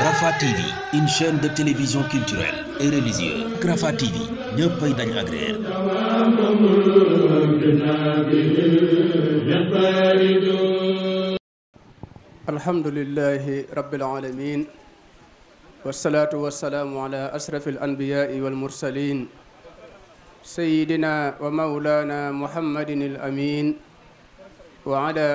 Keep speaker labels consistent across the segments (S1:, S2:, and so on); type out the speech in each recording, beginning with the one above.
S1: Rafah TV une chaîne de télévision culturelle et religieuse Rafah TV ñëppay dañ agréer alhamdulillahi rabbil alamin والصلاة والسلام على أشرف الأنبياء والمرسلين سيدنا ومولانا محمد الأمين wa ala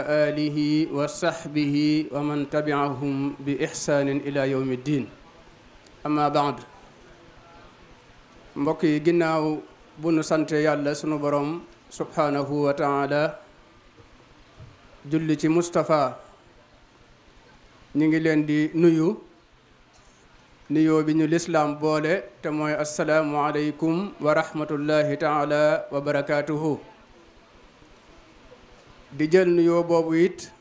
S1: wa sahbihi wa man tabiahum bi ihsanin ila yawmi ddin amma baad mbokk yi ginnaaw bu nu sante yàlla sunu borom subhanahu wa taala julli ci mustafa ñu ngi leen di nuyu nuyoo bi ñu lislaam boole te mooy asalaamu aleykum wa rahmatullahi taala wa barakatuhu di jël nuyoo boobu it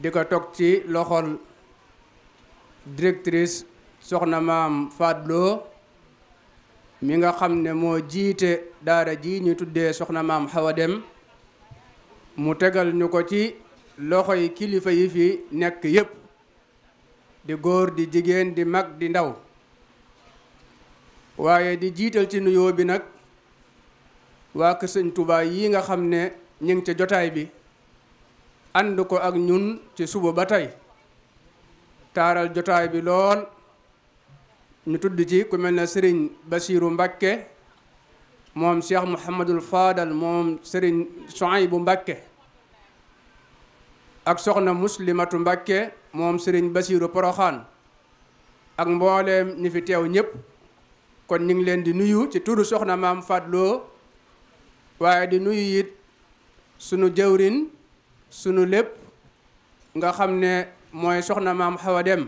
S1: di ko toog ci loxol directrice soxna maam Fadlo mi nga xam ne moo jiite daara ji ñu tuddee soxna maam Xawa Dem mu tegal ñu ko ci loxoy kilifa yi fi nekk yépp di góor di jigéen di mag di ndaw waaye di jiital ci nuyoo bi nag waa kër Sëñ Tuubaa yi nga xam ne ñu ngi ca jotaay bi ànd ko ak ñun ci suba ba tey taaral jotaay bi lool ñu tudd ci ku mel ne sëriñ Bassirou Mbakke moom Cheikh Mouhamadul Fadal moom Serigne bu Mbakke ak soxna Muslimatu Mbakke moom sëriñ basiiru Poroxaan ak mbooleem ñi fi teew ñëpp kon ñu ngi leen di nuyu ci turu soxna maam Fadloo waaye di nuyu it sunu jëwrin sunu lépp nga xam ne mooy soxna maam Xawa Dem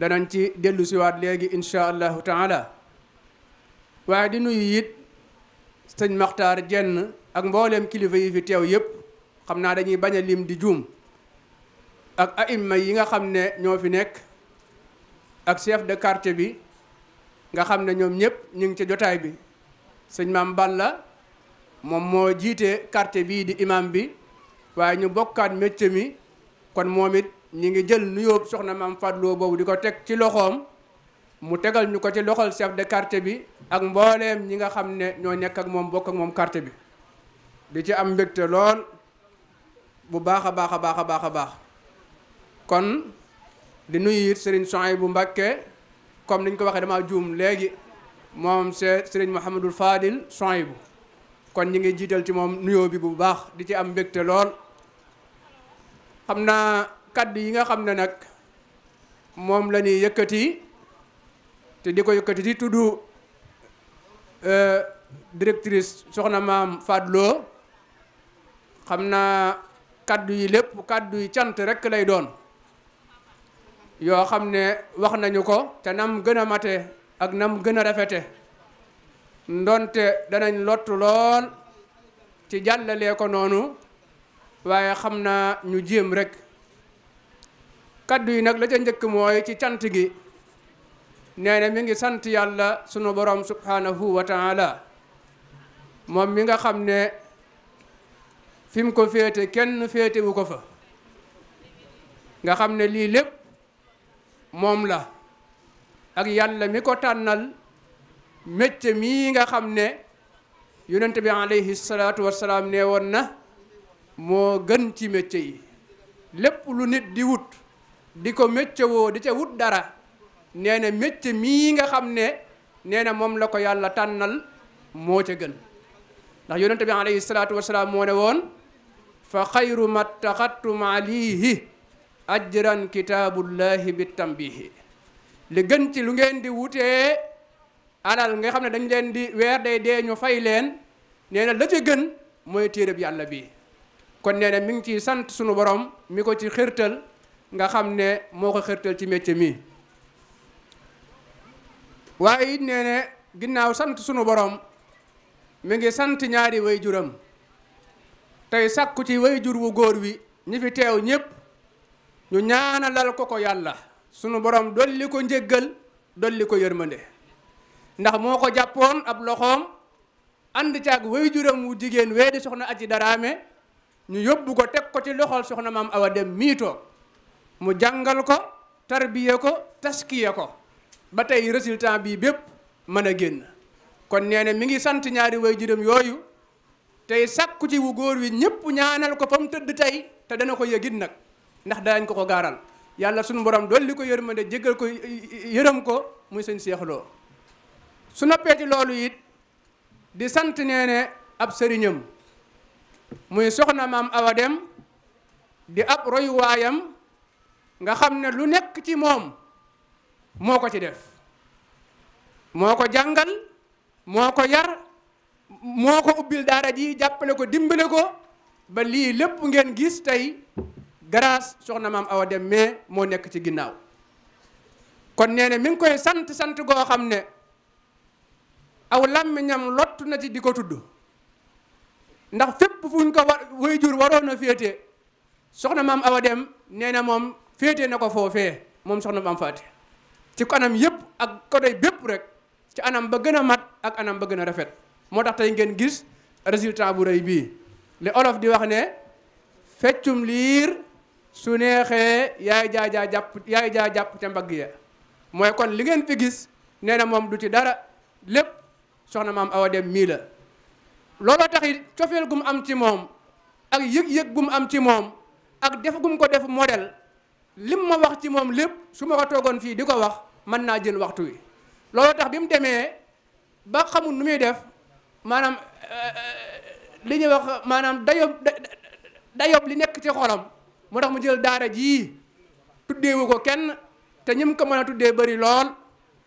S1: danañ ci dellusiwaat léegi incha allahu taala waaye di nuyu yit sëñ Maxtaar Jenn ak mboolem kilifa yi fi teew yëpp xam naa dañuy bañ a lim di juum ak aimma yi nga xam ne ñoo fi nekk ak chef de quartier bi nga xam ne ñoom ñëpp ñu ngi ci jotaay bi sëñ maam Balla moom moo jiite quartier bii di imam bi waaye ñu bokkaat métier mi kon moom it ñi ngi jël nuyoo soxna maam Fadloo boobu di ko teg ci loxoom mu tegal ñu ko ci loxol chef de quartier bi ak mbooleem ñi nga xam ne ñoo nekk ak moom bokk ak moom quartier bi di ci am mbégte lool bu baax a baax a baax a baax a baax kon di nuyu it Serigne bu Mbacké comme niñ ko waxee damaa juum léegi moom c'est Serigne Mouhamadul Fadil bu kon ñi ngi jiital ci moom nuyoo bi bu baax di ci am mbégte lool xam naa kaddu yi nga xam ne nag moom lañuy ñuy yëkkati te di ko yëkkati di tudd euh, directrice soxna maam Fadlo xam naa kàddu yi lépp kaddu yi cant rek lay doon yoo xam ne wax nañu ko te nam gën a mate ak nam gën a rafete ndonte danañ lottu lool ci jàllalee ko noonu waaye xam naa ñu jéem rek kàddu yi nag la ca njëkk mooy ci cant gi nee na mi ngi sant yàlla sunu borom subhanahu wa taala moom mi nga xam ne fi ko féete kenn féetewu ko fa nga xam ne lii lépp moom la ak yàlla mi ko tànnal mécce mii nga xam ne yonent bi alayhi salaatu wasalaam ne woon na moo gënci ci mécce lépp lu nit di wut di ko mécce woo di ca wut dara nee na mécce mii nga xam ne nee na moom la ko yàlla tànnal moo ca gën ndax yonent bi alayhi salaatu wasalaam moo ne woon fa xayru ma taxattum alayhi ajran kitaabullahi bi tambihi li gën lu ngeen di wutee alal nga xam ne dañ leen di weer day dee ñu fay leen nee na la ca gën mooy téereb yàlla bi kon nee na mi ngi ciy sant sunu borom mi ko ci xërtal nga xam ne moo ko xërtal ci métier mi waaye it ne ginnaaw sant sunu borom mi ngi sant ñaari way juram tey sàkku ci way jur wu góor wi ñi fi teew ñëpp ñu ñaanalal ko ko yàlla sunu borom dolli ko njëggal dolli ko yërmande ndax moo ko jàppoon ab loxoom ànd caag waajuram wu jigéen wee di soxna aji daraame ñu yóbbu ko teg ko ci loxol soxna maam awa dem miitoo mu jàngal ko tarbiye ko taskiye ko ba tey résultat bi bépp mën a génn kon nee na mi ngi sant ñaari waajuram yooyu tey sàkku ci wu góor wi ñëpp ñaanal ko fa mu tëdd tey te dana ko yëgit nag ndax daañ ko ko gaaral yàlla sunu borom dolli ko yërmande jéggal ko yërëm ko muy sëñ seexloo su noppee ci loolu it di sant nee ab sëriñam muy soxna maam Awa Dem di ab royuwaayam nga xam ne lu nekk ci moom moo ko ci def moo ko jàngal moo ko yar moo ko ubbil daara ji jàppale ko dimbale ko ba lii lépp ngeen gis tey grâce soxna maam Awa Dem mais moo nekk ci ginnaaw kon nee ne koy sant sant goo xam ne aw làmmiñam lottu na ci di ko tudd ndax fépp fuñ ko war way jur waroon a féete soxna maam awa dem nee na moom féete na ko foofe moom soxna maam faati ci anam yëpp ak kodoy bépp rek ci anam ba gën a mat ak anam ba gën a rafet moo tax tey ngeen gis résultat bu rëy bii li olof di wax ne feccum liir su neexee yaay jaa jaa jàpp yaay jaa jàpp te mbagg ya mooy kon li ngeen fi gis nee na moom du ci dara lépp soxna maam Awa Dem mii la looloo tax it cofeel gum am ci moom ak yëg-yëg gum am ci moom ak def gum ko def modèle lim ma wax ci moom lépp su ma ko toogoon fii di ko wax mën naa jël waxtu wi looloo tax bi mu demee ba xamul nu muy def maanaam li ñuy wax maanaam dayob li nekk ci xolam moo tax mu jël daara jii tuddeewu ko kenn te ñim ko mën a tuddee bëri lool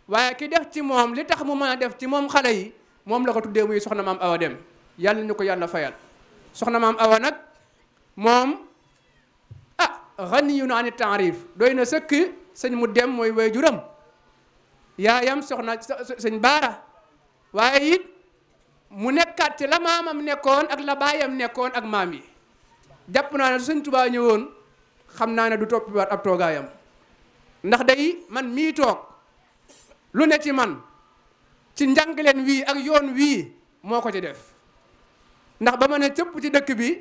S1: waaye ki def ci moom li tax mu mën a def ci moom xale yi moom la ko tuddee muy soxna maam awa dem yàlla ñu ko yàlla fayal soxna maam awa nag moom ah ganiyun ani taarif doy na sëkk sëñ mu dem mooy waajuram yaayam soxna sëñ baara waaye it mu nekkaat ci la maamam nekkoon ak la baayam nekkoon ak maam yi jàpp naa ne sëñ Tuubaa ñëwoon xam naa ne du toppiwaat ab toogaayam ndax day man mii toog lu ne ci man ci njàngleen wii ak yoon wii moo ko ci def ndax ba ma ne cëpp ci dëkk bi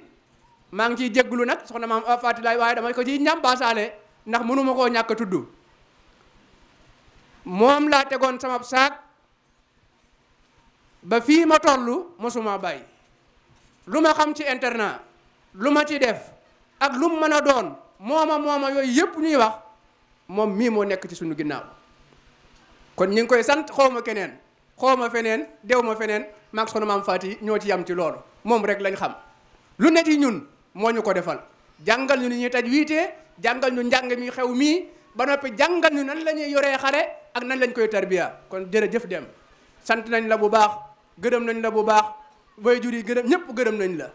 S1: maa ngi ciy jégglu nag soxna maam Faati Laay waaye dama ko ciy ñambaasaale ndax mënuma koo ñàkk tudd moom laa tegoon sama saak ba fii ma toll mosuma bàyyi lu ma xam ci internat lu ma ci def ak lu mu mën a doon mooma mooma yooyu yëpp ñuy wax moom mii moo nekk ci suñu ginnaaw kon ñu ngi koy sant xaw ma keneen xaw ma feneen dew ma feneen maag sunu maam ñoo ci yam ci loolu moom rek lañ xam lu ne ci ñun moo ñu ko defal jàngal ñu ni ñuy taj wiitee jàngal ñu njàng mi xew mii ba noppi jàngal ñu nan la ñuy yoree xare ak nan lañ koy tarbiya kon jërëjëf dem sant nañ la bu baax gërëm nañ la bu baax waajur yi gërëm ñëpp gërëm nañ la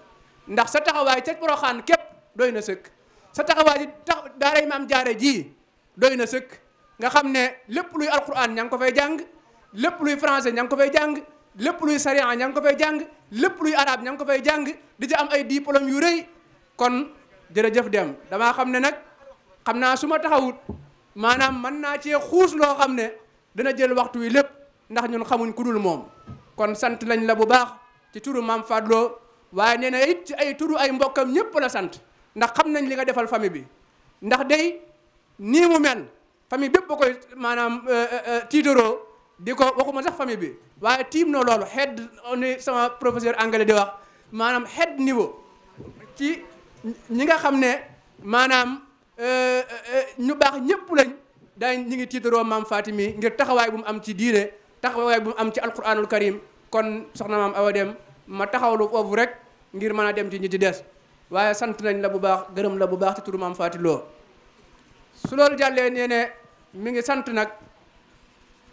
S1: ndax sa taxawaay ca Poroxaan képp doy na sëkk sa taxawaay ji tax daaray maam jaare jii doy na sëkk nga xam ne lépp luy alquran ña ngi ko fay jàng lépp luy français ña ngi ko fay jàng lépp luy sariya ña ngi ko fay jàng lépp luy arabe ña ko fay jàng di ci am ay diplôme yu rëy kon jërëjëf dem dama xam ne nag xam naa su ma taxawut maanaam mën naa cee xuus loo xam ne dana jël waxtu wi lépp ndax ñun xamuñ ku moom kon sant nañ la bu baax ci turu maam Fadlo waaye nee na it ci ay turu ay mbokkam ñëpp la sant ndax xam nañ li nga defal famille bi ndax day nii mu mel. famille bépp ba koy maanaam euh, euh, euh, tiitaroo di ko waxuma sax famille bi waaye tiim na loolu head ni sama professeur anglais di wax maanaam head niveau ci ñi nga xam ne maanaam ñu baax ñëpp lañ daañ ñi ngi tiitaroo maam Fatimi ngir taxawaay bu mu am ci diine taxawaay bu mu am ci alquranul karim kon soxna maam Awa Deme ma taxawlu foofu rek ngir mën a dem ci ñi ci des waaye sant nañ la bu baax gërëm la bu baax ci turu maam Faati Lo su loolu jàllee nee mi ngi sant nag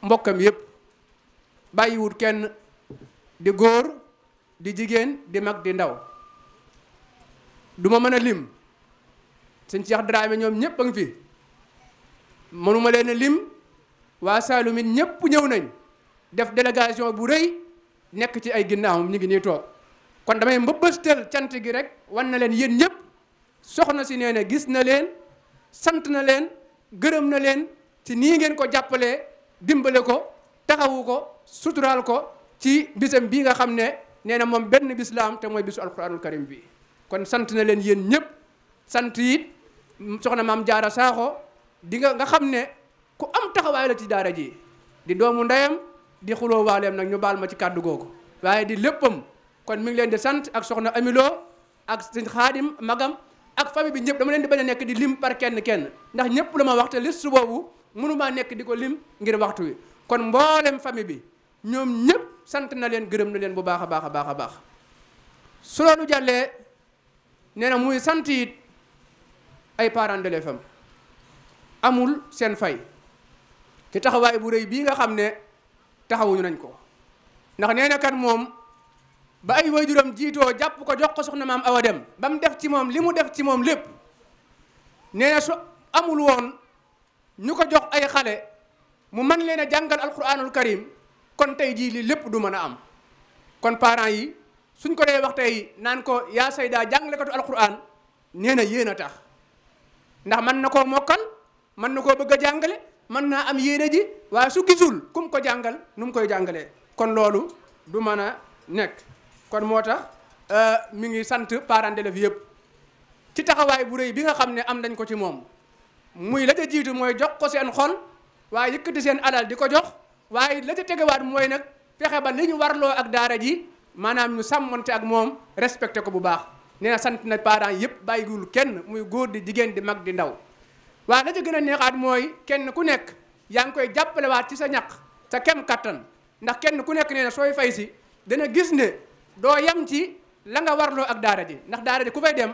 S1: mbokkam yépp bàyyiwut kenn di góor di jigéen di mag di ndaw duma mën a lim sëñ Cheikh Dramé ñoom ñëpp a ngi fi mënuma leen a lim waa Saalum it ñëw nañ def délégation bu rëy nekk ci ay ginnaawam ñu ngi nii toog kon damay mbëbëstal cant gi rek wan na leen yéen ñëpp soxna si nee na gis na leen sant na leen gërëm na leen ci nii ngeen ko jàppalee dimbale ko taxawu ko sutural ko ci bisam bii nga xam ne nee na moom benn bis am te mooy bisu alquranul karim bi kon sant na leen yéen ñëpp sant it soxna maam jaara saaxo di nga nga xam ne ku am taxawaay la ci daara ji di doomu ndeyam di xuloo waaleem nag ñu baal ma ci kàddu googu waaye di léppam kon mi ngi leen di sant ak soxna amiloo ak sëñ xaadim magam ak famille bi ñëpp dama leen di bañ a nekk di lim par kenn kenn ndax ñëpp la ma waxte liste boobu mënumaa nekk di ko lim ngir waxtu wi kon mboolem famille bi ñoom ñëpp sant na leen gërëm na leen bu baax a baax a a baax su loolu jàllee nee na muy sant it ay parents d'élèves amul seen fay ci taxawaay bu rëy bii nga xam ne taxawuñu nañ ko ndax nee na kat moom ba ay waajuram jiitoo jàpp ko jox ko soxna maam awa dem ba def ci moom li mu def ci moom lépp nee na su amul woon ñu ko jox ay xale mu mën leen a jàngal alquranul karim kon tey jii lii lépp du mën a am kon parents yi suñ ko dee wax tey naan ko yaa sayda jàngalekatu alquran nee na yéen a tax ndax mën na koo mokkal mën na koo bëgg a jàngale mën naa am yéene ji waaye su gisul ku ko jàngal nu koy jàngalee kon loolu du mën a nekk kon moo tax euh, mu ngi sant parents d'élèves yëpp ci taxawaay bu rëy bi nga xam ne am dañ ko ci moom muy la ca jiitu mooy jox ko seen xol waaye yëkkati seen alal di ko jox waaye la ca tegewaat mooy nag fexe ba li ñu warloo ak daara ji maanaam ñu sàmmante ak moom respecté ko bu baax nee na sant na parent yëpp bàyyiwul kenn muy góor di jigéen di mag di ndaw waaye la ca gën a neexaat mooy kenn ku nekk yaa ngi koy jàppalewaat ci sa ñaq sa kem kattan ndax kenn ku nekk nee na sooy fay si dana gis ne doo yem ci la nga warloo ak daara ji ndax daara ji ku fay dem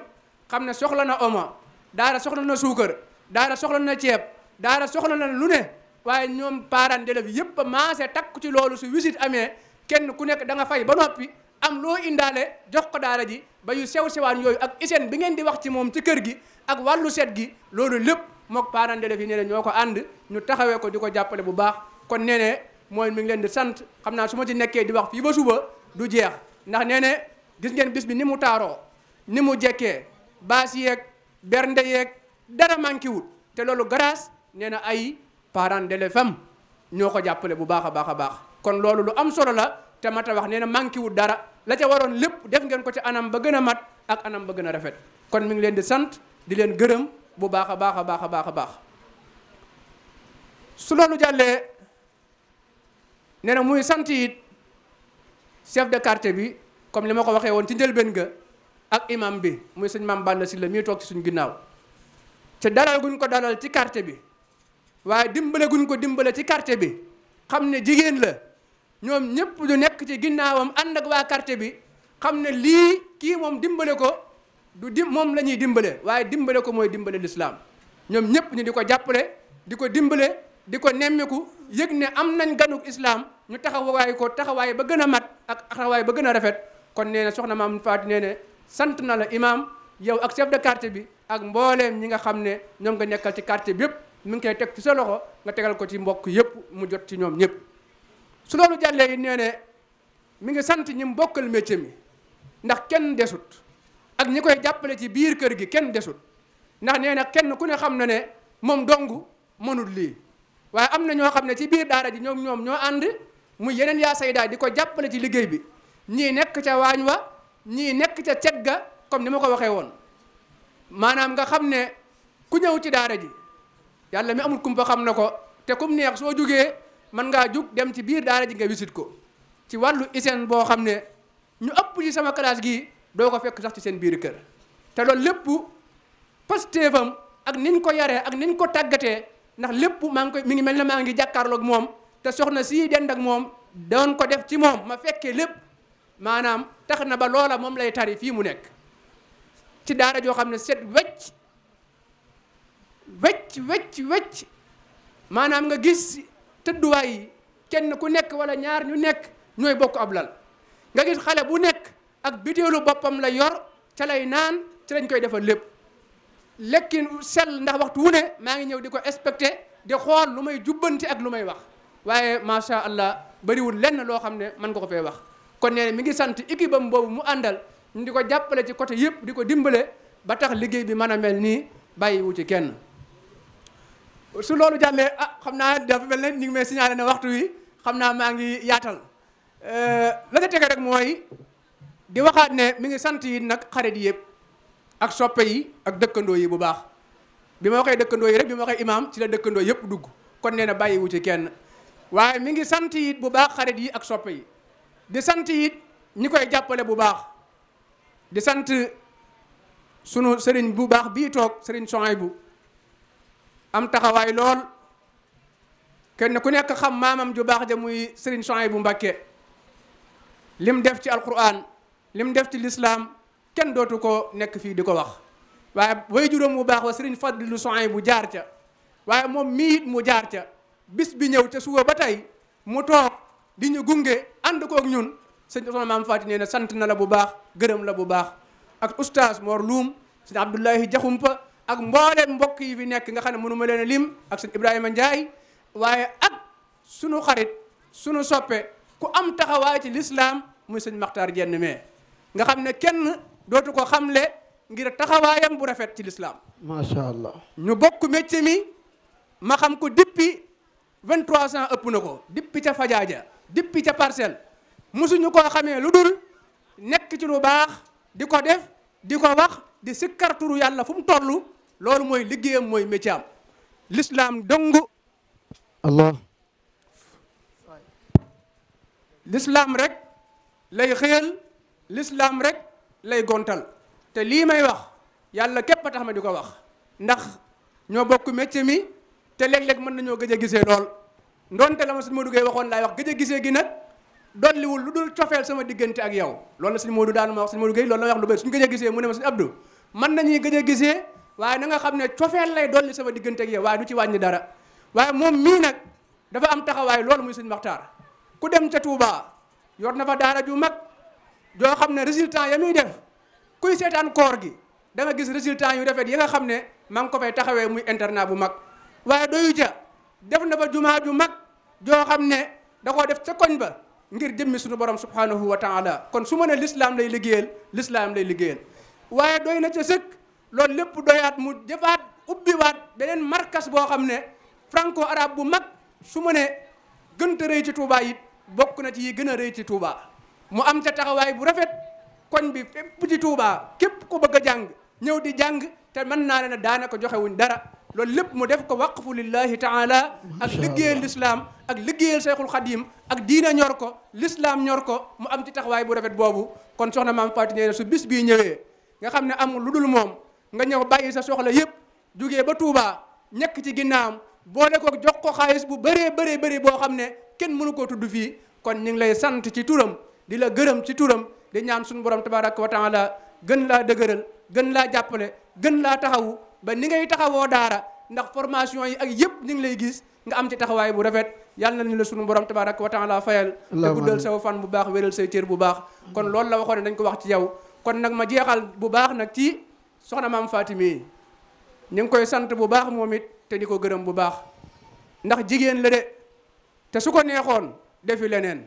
S1: xam ne soxla na omo daara soxla na suukar daara soxla na ceeb daara soxla na lu ne waaye ñoom parents d'élèves yëpp a maase takku ci loolu su visite amee kenn ku nekk da nga fay ba noppi am loo indaale jox ko daara ji ba yu sew sewaan yooyu ak hygiène bi ngeen di wax ci moom ci kër gi ak wàllu set gi loolu lépp mook parents d'élèves yi ne ñoo ko ànd ñu taxawee ko di ko jàppale bu baax kon nee ne mooy mi ngi leen di sant xam naa su ma ci nekkee di wax fii ba suba du jeex ndax nee ne gis ngeen bis bi ni mu taaroo ni mu jekkee baas yeeg bernde yeeg dara manqué wul te loolu garaas nee na ay parents d'élèves am ñoo ko jàppale bu baax a baax a baax kon loolu lu am solo la te mat a wax nee na manqué wul dara la ca waroon lépp def ngeen ko ci anam ba gën a mat ak anam ba gën a rafet kon mi ngi leen di sant di leen gërëm bu baax a baax a baax a baax a baax su loolu jàllee nee na muy sant it chef de quartier bi comme li ma ko waxee woon ci njëlbeen ga ak imam bi muy sëñ maam si la mii toog ci suñ ginnaaw te dalal guñ ko dalal ci quartier bi waaye dimbale guñ ko dimbale ci quartier bi xam ne jigéen la ñoom ñëpp lu nekk ci ginnaawam ànd ak waa quartier bi xam ne lii kii moom dimbale ko du di moom la ñuy dimbale waaye dimbale ko mooy dimbale lislaam ñoom ñëpp ñu di ko jàppale di ko dimbale di ko nemmiku yëg ne am nañ ganu islaam ñu taxawaay ko taxawaay ba gën a mat ak taxawaay ba gën a rafet kon nee na soxna maam Faati nee ne sant na la imaam yow ak chef bi ak mbooleem ñi nga xam ne ñoom nga nekkal ci quartier bi yëpp mi ngi koy teg ci sa loxo nga tegal ko ci mbokk yëpp mu jot ci ñoom ñëpp su loolu jàllee yi nee ne mi ngi sant ñi mbokkal métier mi ndax kenn desut ak ñi koy jàppale ci biir kër gi kenn desut ndax nee na kenn ku ne xam na ne moom dong mënul lii waaye am na ñoo xam ne ci biir daara ji ñoom ñoom ñoo ànd muy yeneen yaa saydaa di ko jàppale ci liggéey bi ñii nekk ca waañ wa ñii nekk ca cet ga comme ni ma ko waxee woon maanaam nga xam ne ku ñëw ci daara ji yàlla mi amul kumpa xam na ko te kum neex soo jugee mën ngaa jug dem ci biir daara ji nga wisit ko ci wàllu hygiène boo xam ne ñu ëpp ci sama classe gi doo ko fekk sax ci seen biir kër te loolu lépp pastéefam ak niñ ko yaree ak niñ ko tàggatee ndax lépp maa ngi koy mi ngi mel ne maa ngi jàkkaarloog moom te soxna sii dend ak moom doon ko def ci moom ma fekkee lépp maanaam tax na ba loola moom lay tari fii mu nekk ci daara joo xam ne set wecc wecc wecc wecc maanaam nga gis tëdduwaay yi kenn ku nekk wala ñaar ñu nekk ñooy bokk ab lal nga gis xale bu nekk ak bitéelu boppam la yor ca lay naan ci lañ koy defal lépp lekkin sell ndax waxtu wu ne maa ngi ñëw di ko expecté di xool lu may jubbanti ak lu may wax waaye macha allah bariwul lenn loo xam ne mën nga ko fee wax kon nee mi ngi sant équipe am boobu mu àndal ñu di ko jàppale ci côté yëpp di ko dimbale ba tax liggéey bi mën a mel nii bàyyiwu ci kenn su loolu jàllee ah xam naa dafa mel ne ñu ngi may signalé ne waxtu wi xam naa maa ngi yaatal euh, la tege rek mooy di waxaat ne mi ngi sant yi nag xarit yi yëpp ak soppe yi ak dëkkandoo yi bu baax bi ma waxee dëkkandoo yi rek bi ma waxee imaam ci la dëkkandoo yëpp dugg kon nee na bàyyiwu ci kenn waaye mi ngi sant it bu baax xarit yi ak soppe yi di sant it ñi koy jàppale bu baax di sant sunu sëriñ bu baax bii toog sëriñ bu am taxawaay lool kenn ku nekk xam maamam ju baax ja muy sëriñ bu Mbakke lim def ci alquran lim def ci lislaam kenn dootu ko nekk fii di ko wax waaye way juróom bu baax wa sëriñ Fadlu Souhaïbou jaar ca waaye moom mii it mu jaar ca bis bi ñëw ca suba ba tey mu toog di ñu gunge ànd kook ñun sëñ Soxna Maam Faati nee na sant na la bu baax gërëm la bu baax ak oustaz Mor Loum sëñ Abdoulahi Jaxumpa ak mbooleem mbokk yi fi nekk nga xam ne mënu ma leen a lim ak sëñ Ibrahima Ndiaye waaye ak sunu xarit sunu soppee ku am taxawaay ci lislaam muy sëñ Maxtaar Jenn mee nga xam ne kenn dootu ko xam le ngir taxawaayam bu rafet ci lislaam
S2: macha allah
S1: ñu bokk métier mi ma xam ko depuis vingt-trois ans ëpp na ko depuis ca fajaaja depuis ca parcelle mosuñu koo xamee lu dul nekk ci lu baax di ko def di ko wax di sikkar turu yàlla fu mu toll loolu mooy liggéeyam mooy métier lislaam dong allah lislaam rek lay xëyal lislaam rek lay gontal te lii may wax yàlla képp a tax ma di ko wax ndax ñoo bokk métier mi te léeg-léeg mën nañoo gëj a gisee lool ndonte la ma suñu ma duggee waxoon laay wax gëj a gisee gi nag dolliwul lu dul cofeel sama diggante ak yow loolu la sëñ moo daan ma wax sëñ Modou Gueye loolu la wax lu bëri suñu gëj a gisee mu ne ma sëñ Abdou man nañuy gëj a gisee waaye na nga xam ne cofeel lay dolli sama diggante ak yow waaye du ci wàññi dara waaye moom mii nag dafa am taxawaay loolu muy sëñ Maxtaar ku dem ca Touba yor na fa daara ju mag joo xam ne résultat ya muy def kuy seetaan koor gi da gis résultat yu rafet yi nga xam ne maa ngi ko fay taxawee muy internat bu mag waaye doyu ja def na fa jumaa ju mag joo xam ne da koo def ca koñ ba ngir jëmmi suñu borom subhanahu wa taala kon su ma ne lislaam lay liggéeyal lislaam lay liggéeyal waaye doy na ca sëkk loolu lépp doyaat mu jëfaat ubbiwaat beneen markas boo xam ne franco arabe bu mag su ma ne gënta rëy ci Touba yit bokk na ci yi gën a rëy ci Touba mu am ca taxawaay bu rafet koñ bi fépp ci Touba képp ko bëgg a jàng ñëw di jàng te mën naa ne daanaka joxewuñ dara loolu lépp mu def ko waqfu lillahi taala ak liggéeyal lislaam ak liggéeyal Cheikhul Khadim ak diina ñor ko lislaam ñor ko mu am ci taxawaay bu rafet boobu kon soxna maam Faty nee na su bis bii ñëwee nga xam ne amul lu dul moom nga ñëw bàyyi sa soxla yëpp jugee ba Touba ñekk ci ginnaam boole ko jox ko xaalis bu bëree bëree bëri boo xam ne kenn mënu koo tudd fii kon ñu ngi lay sant ci turam di la gërëm ci turam di ñaan suñu borom tabaraka wa taala gën laa dëgëral gën laa jàppale gën laa taxawu ba ni ngay taxawoo daara ndax formation yi ak yëpp ñu ngi lay gis nga am ci taxawaay bu rafet yàlla nañu la sunu borom tabaaraka wa taala fayal te guddal saw fan bu baax wéral say cër bu baax kon loolu la waxoon dañ ko wax ci yow kon nag ma jeexal bu baax nag ci soxna maam Faatimi ñu ngi koy sant bu baax moom it te di ko gërëm bu baax ndax jigéen la de te su ko neexoon defi leneen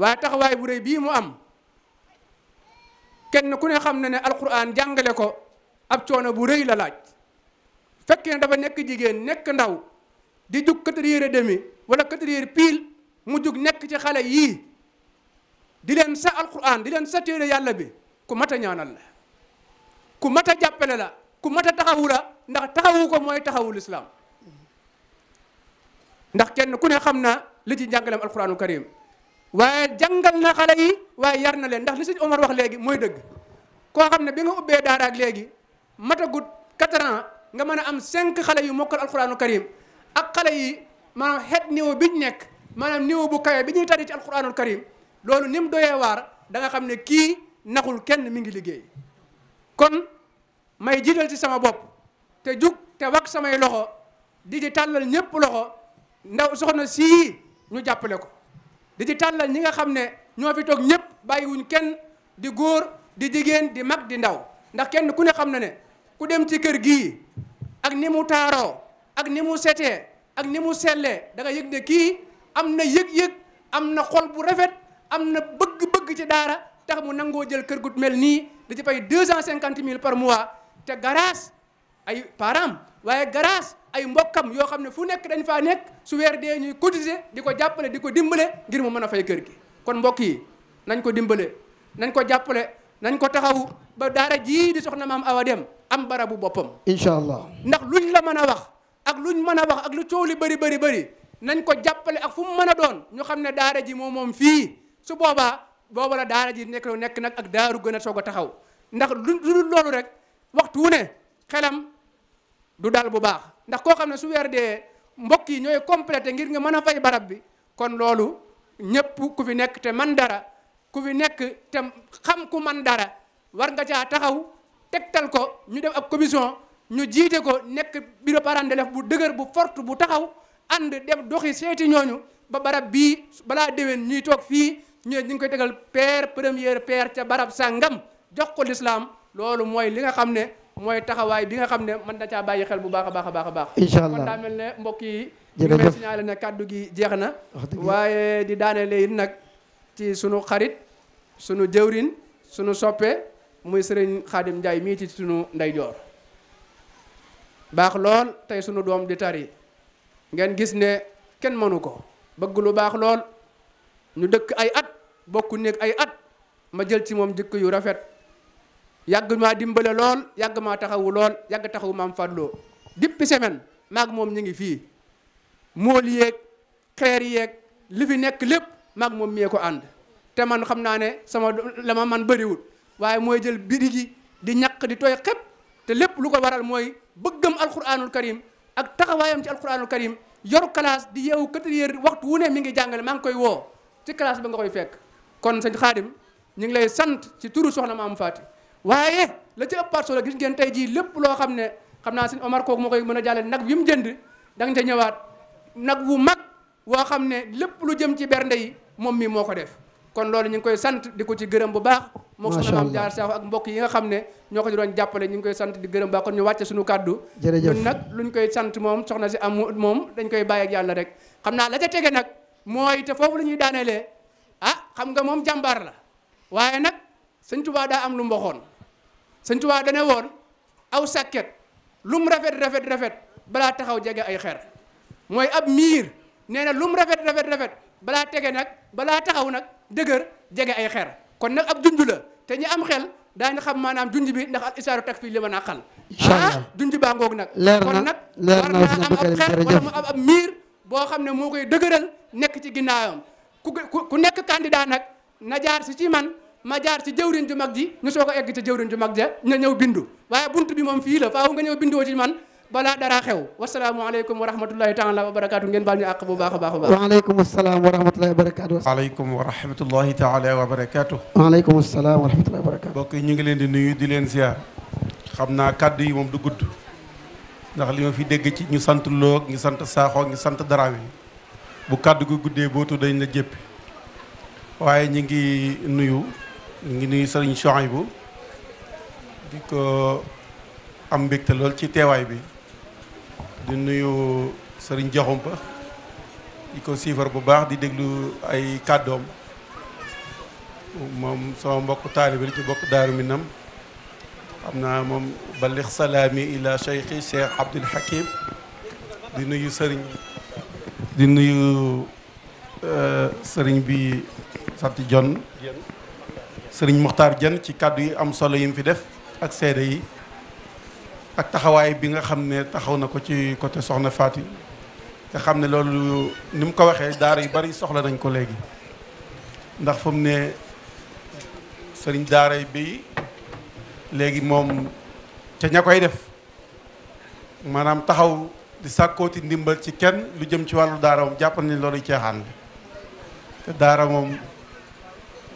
S1: waaye taxawaay bu rëy bii mu am kenn ku ne xam ne ne alquran jàngale ko ab coono bu rëy la laaj fekk ne dafa nekk jigéen nekk ndaw di jug quatre heures et demi wala quatre heures pile mu jug nekk ci xale yii di leen sa alquran di leen sa téere yàlla bi ku mat a ñaanal la ku mat a jàppale la ku mat a taxawu la ndax taxawu ko mooy taxawu lislaam ndax kenn ku ne xam na li ci njàngaleem alquranu karim waaye jàngal na xale yi waaye yar na leen ndax li sëñ Omar wax léegi mooy dëgg koo xam ne bi nga ubbee daara ak léegi matagut 4 ans nga mën a am 5 xale yu mokkal alquranu karim ak xale yi ma xeet niveau bi ñu nekk maanaam niveau bu kawe bi ñuy tari ci alquranul karim loolu ni mu doyee waar da xam ne kii naxul kenn mi ngi liggéey kon may jiital ci sama bopp te jug te wax samay loxo di ci tàllal ñëpp loxo ndaw soxna sii ñu jàppale ko di ci tàllal ñi nga xam ne ñoo fi toog ñëpp bàyyiwuñ kenn di góor di jigéen di mag di ndaw ndax kenn ku ne xam na ne ku dem ci kër gii ak ni mu taaroo ak ni mu setee ak ni mu sellee da nga yëg ne kii am na yëg-yëg am na xol bu rafet am na bëgg-bëgg ci daara tax mu nangoo jël kër gu mel nii da ci pay deux cent cinquante mille par mois te garage ay parents waaye garage ay mbokkam yoo xam ne fu nekk dañ faa nekk su weer dee ñuy cotiser di ko jàppale di ko dimbale ngir mu mën a fay kër gi kon mbokk yi nañ ko dimbale nañ ko jàppale nañ ko taxawu ba daara jii di soxna maam Awa Dem am barabu boppam. incha allah ndax luñ la mën a wax ak luñ mën a wax ak lu coow li bëri bëri bëri nañ ko jàppale ak fu mu mën a doon ñu xam ne daara ji moom moom fii su boobaa booba la daara ji nekk nekk nag ak daaru gën a soog a taxaw ndax lu dul loolu rek waxtu wu ne xelam du dal bu baax ndax koo xam ne su weer dee mbokk yi ñooy complété ngir nga mën a fay barab bi kon loolu ñëpp ku fi nekk te man dara ku fi nekk te xam ku man dara war nga caa taxaw. tegtal ko ñu def ab commission ñu jiite ko nekk bureau parent d'élève bu dëgër bu forte bu taxaw ànd dem doxi seeti ñooñu ba barab bii balaa déwén ñuy toog fii ñu ngi koy tegal père première père ca barab sàngam jox ko lislaam loolu mooy li nga xam ne mooy taxawaay bi nga xam ne mën na caa bàyyi xel bu baax a baax a baax a baax. incha allah kon ne mbokk yi. jërëjëf ñu signalé ne kàddu gi jeex na. waaye di daaneel it nag ci sunu xarit sunu jëwrin sunu soppe. muy sëriñ xaadim Njaay mii ci sunu ndeyjoor baax lool tey sunu doom di tari ngeen gis ne kenn mënu ko bëgg lu baax lool ñu dëkk ay at bokku néeg ay at ma jël ci moom jikko yu rafet yàgg maa dimbale lool yàgg maa taxawu lool yàgg taxawu maam fàlloo dippi semaine maag moom ñu ngi fii mool yéeg xeer yeeg li fi nekk lépp maag moom miyee ko ànd te man xam naa ne sama la ma man bëriwul waaye mooy jël biri ji di ñaq di tooy xëpp te lépp lu ko waral mooy bëggam alquranul karim ak taxawaayam ci alquranul karim yor classe di yeewu quatre heures waxtu wu ne mi ngi jàngale maa ngi koy woo ci classe ba nga koy fekk kon sëñ xaadim ñu ngi lay sant ci turu soxna maam Faati waaye la ci ëppaat solo gis ngeen tey jii lépp loo xam ne xam naa sëñ Omar kooku moo koy mën a jàllale nag bi mu jënd da nga ñëwaat nag wu mag woo xam ne lépp lu jëm ci bernde yi moom mii moo ko def kon loolu ñu ngi koy sant di ko ci gërëm bu baax moo soxna maam jaar saaxu ak mbokk yi nga xam ne ñoo ko ñu doon jàppale ñu ngi koy sant di gërëm ba kon ñu wàcce suñu kàddu ñun nag koy sant moom soxna si am moom dañ koy bàyyi ak rek xam naa la ca tege nag mooy te foofu la ñuy daanelee ah xam nga moom jàmbaar la waaye nag sëñ daa am lu mboxoon sëñ tubaa woon aw sàkket lum rafet rafet rafet balaa taxaw jege ay xer mooy ab miir nee na lum rafet rafet rafet balaa tege nag balaa taxaw nag dëgër jege ay xer kon nag ab junj la te ñi am xel daañu xam maanaam junj bi ndax al isaaru takfir li mën a xal. incha allah ah, baa ngoog nag. leer na kon
S2: nag war naa am
S1: ab am miir boo xam ne moo koy dëgëral nekk ci ginnaawam ku ku nekk candidat nag na jaar si ci man. ma jaar ci jëwriñ ju mag ji ñu soog ko egg ci jëwriñ ju mag ja nga ñëw bindu waaye bunt bi moom fii la faaw nga ñëw bindoo ci man balaa dara xew wasalaamaaleykum wa rahmatullahi taala wa barakaatu ngeen baal ñu àq bu baax a baax a baax.
S3: waaleykum salaam wa rahmatullahi wa barakaatu. waaleykum wa rahmatullahi taala wa barakaatu. waaleykum salaam wa rahmatullahi wa barakaatu. mbokk yi ñu ngi leen di nuyu di leen ziar xam naa kàddu yi moom du gudd ndax li ma fi dégg ci ñu sant Lo ñu sant Sakho ngi sant Daraame bu kàddu gu guddee bootu dañ la jéppi waaye ñu ngi nuyu ñu ngi nuyu sëriñ Chouaïbou di ko am mbégte lool ci teewaay bi. di nuyu sëriñ Jaxumpa di ko siifar bu baax di déglu ay kàddoom moom sama mbokk taalibe ci bokk daaru minam xam naa moom balix salaami ila cheikhi cheikh abdul hakim di nuyu sëriñ di nuyu euh, sëriñ bi sant jon sëriñ muxtaar jën ci kàddu yi am solo yi mu fi def ak seede yi ak taxawaay bi nga xam ne taxaw na ko ci côté Soxna Faati nga xam ne loolu ni mu ko waxee daara yu bari soxla nañ ko léegi ndax fu mu ne sëriñ daara bi léegi moom ca ña koy def maanaam taxaw di sàkkooti ndimbal ci kenn lu jëm ci wàllu daara moom jàpp nañ loolu ceexaan la te daara moom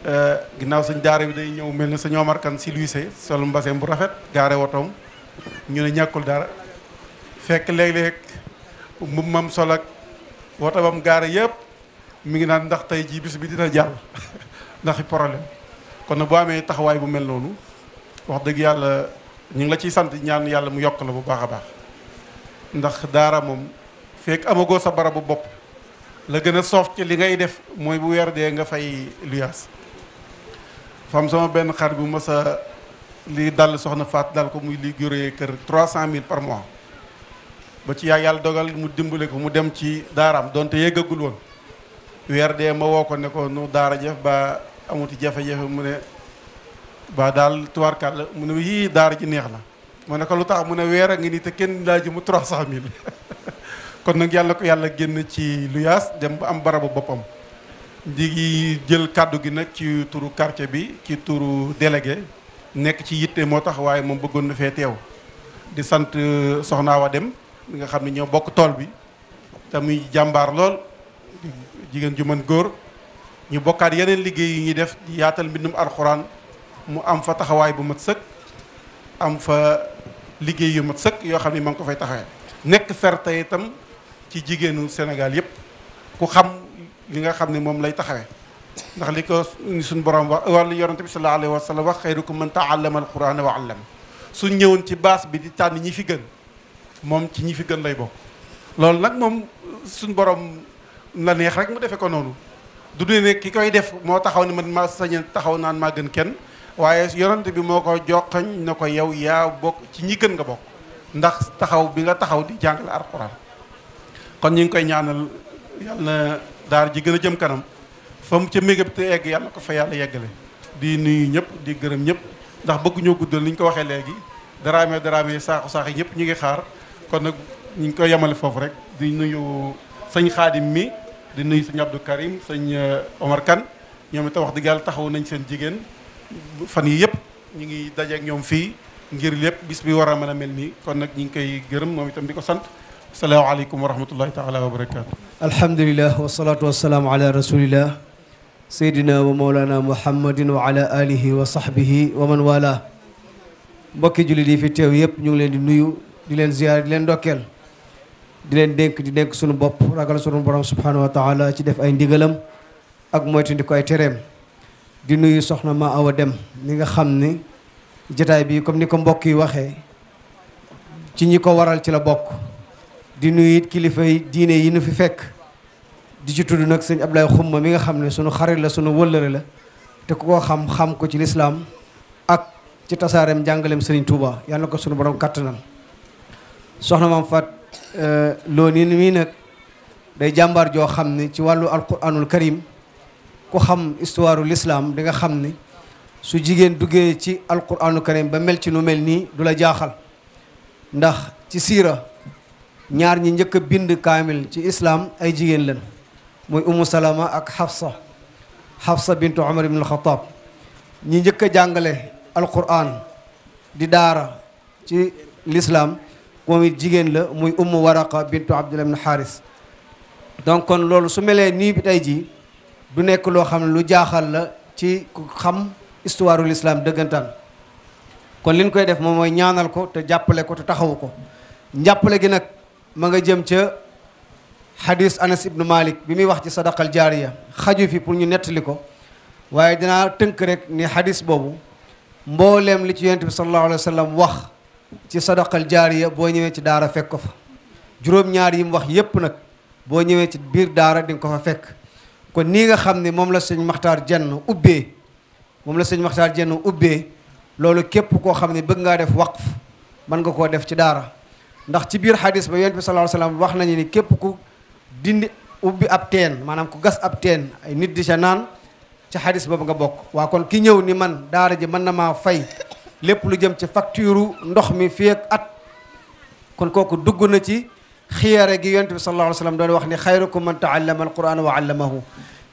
S3: eh, ginnaaw sëñ daara bi day ñëw mel ni sëñ Omar Kan si luy sol mbaseem bu rafet gaare wotoom ñu ne ñàkkul dara fekk léeg-léeg mbubb mam sol ak woto bam gaar yépp mu ngi naan ndax tey jii bis bi dina jàll ndax problème kon nag boo amee taxawaay bu mel noonu wax dëgg yàlla ñu ngi la ciy sant ñaan yàlla mu yokk la bu baax a baax ndax daara moom fekk amagoo sa barabu bopp la gën a soof ci li ngay def mooy bu weer dee nga fay luyaas fam sama benn xar bu ma sa lii dal soxna Faat dal ko muy lii gurée kër trois mille par mois ba ci yaa yàlla dogal mu dimbale ko mu dem ci daaraam donte yëggagul woon weer dee ma woo ko ne ko nu daara jëf ba amuti jafe-jafe mu ne ba daal tubaarkaat la mu ne yii daara ji neex na ma ne ko lu tax mu ne weer a ngi nii te kenn laaj mu 300000 kon nag yàlla ko yàlla génn ci luyaas dem ba am barabu boppam di jël kàddu gi nag ci turu quartier bi ci turu délégué nekk ci yitte moo tax waaye moom bëggoon na fee teew di sant euh, soxna Dem mi nga xam ne ñoo bokk tool bi te muy jàmbaar lool jigéen ju mën góor ñu bokkaat yeneen liggéey yi ñuy def yaatal mbindum alxuraan mu am fa taxawaay bu mat sëkk am fa liggéey yu mat sëkk yoo xam ne ma ngi ko fay taxawee nekk ferte itam ci jigéenu Sénégal yépp ku xam li nga xam ne moom lay taxawee ndax li ko suñu borom wax wàllu yonent bi sallallahu alayhi wa sallam wax xayrukum man taallama alqurana wa allama suñ ñëwoon ci baas bi di tànn ñi fi gën moom ci ñi fi gën lay bokk loolu nag moom suñ borom la neex rek mu defee ko noonu du dee ne ki koy def moo taxaw ne man ma sañ taxaw naan maa gën kenn waaye yonent bi moo ko joxañ na ko yow yaa bokk ci ñi gën nga bokk ndax taxaw bi nga taxaw di jàngale alquran kon ñu ngi koy ñaanal yàlla na daar ji gën a jëm kanam fa mu ca mégab te egg yàlla ko fa yàlla yeggale di nuyu ñëpp di gërëm ñëpp ndax bëgguñoo guddal ni ñu ko waxee léegi daraame daraame saaxu saax yi ñu ngi xaar kon nag ñu ngi koy yemale foofu rek di nuyu sëñ xaadim mi di nuyu sëñ Abdou Karim sëñ eh, Omar Kane ñoom itam wax dëgg yàlla taxawu nañ seen jigéen fan yii yëpp ñu ngi dajeek ñoom fii ngir lépp bis bi war a mën a mel nii kon nag ñu ngi koy gërëm moom itam di ko sant asalaamaaleykum wa rahmatullahi wa barakaatu
S2: alhamdulilah wasalatu wasalaamu ala rasulillah seydina wa mawlana muhammadin wa ala alihi wa sahbihi wa man wala mbokki jullit yi fi teew yëpp ñu ngi leen di nuyu di leen ziyaar di leen ndokkeel di leen dénk di dénk sunu bopp ragal sunu borom subhanahu wa taala ci def ay ndigalam ak moytandi ko ay tereem di nuyu soxna ma awa dem li nga xam ni jataay bii comme ni ko mbokk yi waxee ci ñi ko waral ci la bokk di nuyu it kilifa yi diine yi nu fi fekk di ci tudd nag sëñ Ablaye Xumma mi nga xam ne sunu xarit la sunu wëllëre la te ku ko xam xam ko ci lislaam ak ci tasaareem jàngaleem seeni Touba yàlla na ko sunu borom kattanal soxna maam Fat euh, loo nii mii nag day jàmbaar joo xam ne ci wàllu alquranul karim ku xam histoire lislaam di nga xam ni su jigéen duggee ci alquranul karim ba mel ci nu mel nii du la jaaxal ndax ci siira ñaar ñi njëkk a bind kaamil ci islaam ay jigéen lañ muy umu salaama ak xafsa xafsa bintu omar ibn alxataab ñi njëkk a jàngale alquran di daara ci lislaam moom jigéen la muy ummu waraqa bintu abdullah ibn xaaris donc kon loolu su melee nii bi tey jii du nekk loo xam ne lu jaaxal la ci ku xam histoire l'islam dëggantaan kon liñ koy def moom mooy ñaanal ko te jàppale ko te taxawu ko njàppale gi nag ma nga jëm ca xadis anas ibnu malik bi muy wax ci sadaqal jaariya xaju fi pour ñu nettali ko waaye danaa tënk rek ni xadis boobu mboolem li ci yonent bi sallallahu alayhi wa sallam wax ci sadaqal jaariya boo ñëwee ci daara fekk ko fa juróom-ñaar yi mu wax yépp nag boo ñëwee ci biir daara di ko fa fekk kon nii nga xam ne moom la sëñ maxtaar jenn ubbee moom la sëñ maxtaar jenn ubbee loolu képp koo xam ne bëgg ngaa def waqf mën nga koo def ci daara ndax ci biir xadis ba yonent bi sallallahu alayhi wa wax nañu ni képp ku dindi ubbi ab teen maanaam ku gas ab teen ay nit di ca naan ca xadis boobu nga bokk waa kon ki ñëw ni man daara ji man na maa fay lépp lu jëm ci facture ndox mi fii at kon kooku dugg na ci xiyaare gi yonent bi sallallahu alayhi doon wax ni xayrukum man taallama alquran wa allamahu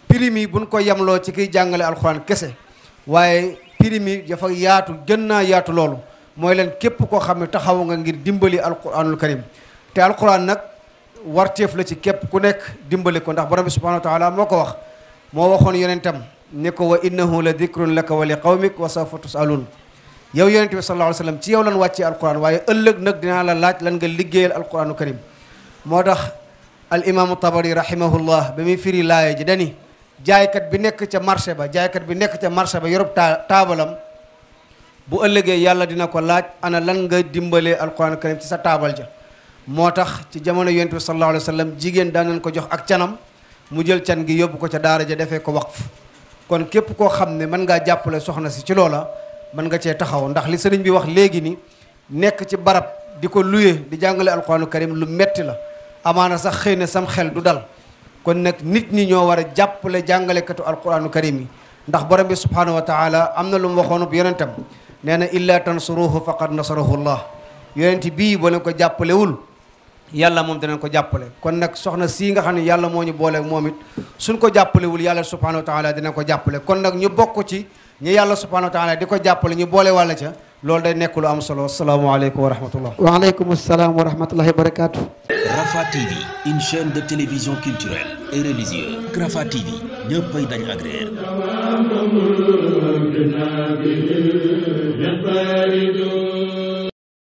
S2: primi buñ ko yemloo ci kiy jàngale alquran kese waaye primi dafa yaatu jën naa yaatu loolu mooy leen képp koo xam ne taxaw nga ngir dimbali alquranul karim te alquran nag warteef la ci képp ku nekk dimbali ko ndax borom bi subhanahu wa taala moo ko wax moo waxoon yonentam ni ko wa innahu la dikrun laka wa li qawmik wa sawfa yow yonente bi sallallahu alayhi wa ci yow lan wàccee alquran waaye ëllëg nag dinaa la laaj lan nga liggéeyal alquranu karim moo tax al imaamu tabari rahimahullah ba muy firi laaya ji dani jaaykat bi nekk ca marché ba jaaykat bi nekk ca marché ba yorub ta taabalam bu ëllëgee yàlla dina ko laaj ana lan nga dimbalee alquran karim ci sa taabal ja moo tax ci jamono yonent bi sallallahu alayhi wa sallam jigéen daan nañ ko jox ak canam mu jël can gi yóbbu ko ca daara ja defee ko wax kon képp koo xam ne mën ngaa jàppale soxna si ci loola mën nga cee taxaw ndax li sëriñ bi wax léegi ni nekk ci barab di ko luye di jàngale alquranu karim lu metti la amaana sax xëy na sam xel du dal kon nag nit ñi ñoo war a jàppale jàngalekatu alquranu karim yi ndax borom bi subhanahu wa taala am na lu mu waxoon bu yonentam nee na illaa tansuruhu faqad nasarahu llah yonent bii boo ko jàppalewul yàlla moom danañ ko jàppale kon nag soxna sii nga xam ne yàlla moo ñu booleeg moom it suñ ko jàppalewul yàlla subhanahu wa taala dina ko jàppale kon nag ñu bokk ci ñu yàlla subhanahu wa taala di ko jàppale ñu boole wàlla ca loolu day nekk lu am solo asalaamaaleykum wa rahmatullah waaleykum asalaam wa rahmatullahi wa barakatu Rafah TV une chaîne de télévision culturelle et religieuse Rafah TV ñëppay dañ agréer